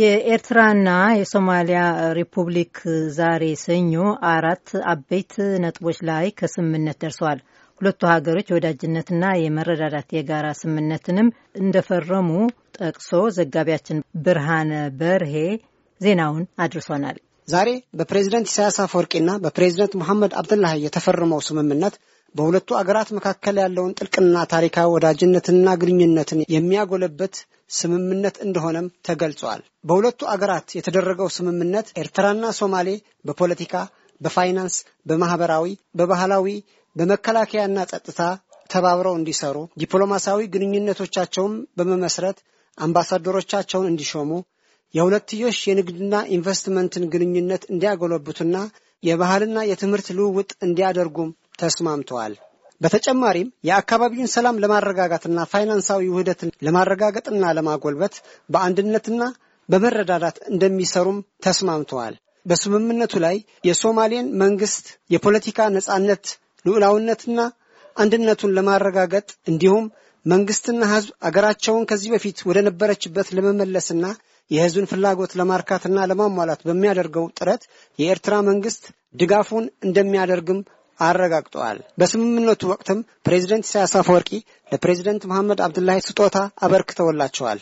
የኤርትራና የሶማሊያ ሪፑብሊክ ዛሬ ሰኞ አራት አበይት ነጥቦች ላይ ከስምምነት ደርሰዋል። ሁለቱ ሀገሮች የወዳጅነትና የመረዳዳት የጋራ ስምምነትንም እንደፈረሙ ጠቅሶ ዘጋቢያችን ብርሃነ በርሄ ዜናውን አድርሶናል። ዛሬ በፕሬዝደንት ኢሳያስ አፈወርቂና በፕሬዝደንት መሐመድ አብደላህ የተፈረመው ስምምነት በሁለቱ አገራት መካከል ያለውን ጥልቅና ታሪካዊ ወዳጅነትና ግንኙነትን የሚያጎለበት ስምምነት እንደሆነም ተገልጿል። በሁለቱ አገራት የተደረገው ስምምነት ኤርትራና ሶማሌ በፖለቲካ፣ በፋይናንስ፣ በማህበራዊ፣ በባህላዊ፣ በመከላከያና ጸጥታ ተባብረው እንዲሰሩ፣ ዲፕሎማሲያዊ ግንኙነቶቻቸውም በመመስረት አምባሳደሮቻቸውን እንዲሾሙ፣ የሁለትዮሽ የንግድና ኢንቨስትመንትን ግንኙነት እንዲያጎለብቱና የባህልና የትምህርት ልውውጥ እንዲያደርጉም ተስማምተዋል። በተጨማሪም የአካባቢውን ሰላም ለማረጋጋትና ፋይናንሳዊ ውህደትን ለማረጋገጥና ለማጎልበት በአንድነትና በመረዳዳት እንደሚሰሩም ተስማምተዋል። በስምምነቱ ላይ የሶማሌን መንግስት የፖለቲካ ነጻነት ልዑላውነትና አንድነቱን ለማረጋገጥ እንዲሁም መንግስትና ህዝብ አገራቸውን ከዚህ በፊት ወደ ነበረችበት ለመመለስና የህዝብን ፍላጎት ለማርካትና ለማሟላት በሚያደርገው ጥረት የኤርትራ መንግስት ድጋፉን እንደሚያደርግም አረጋግጠዋል። በስምምነቱ ወቅትም ፕሬዚደንት ኢሳያስ አፈወርቂ ለፕሬዚደንት መሐመድ አብዱላሂ ስጦታ አበርክተውላቸዋል።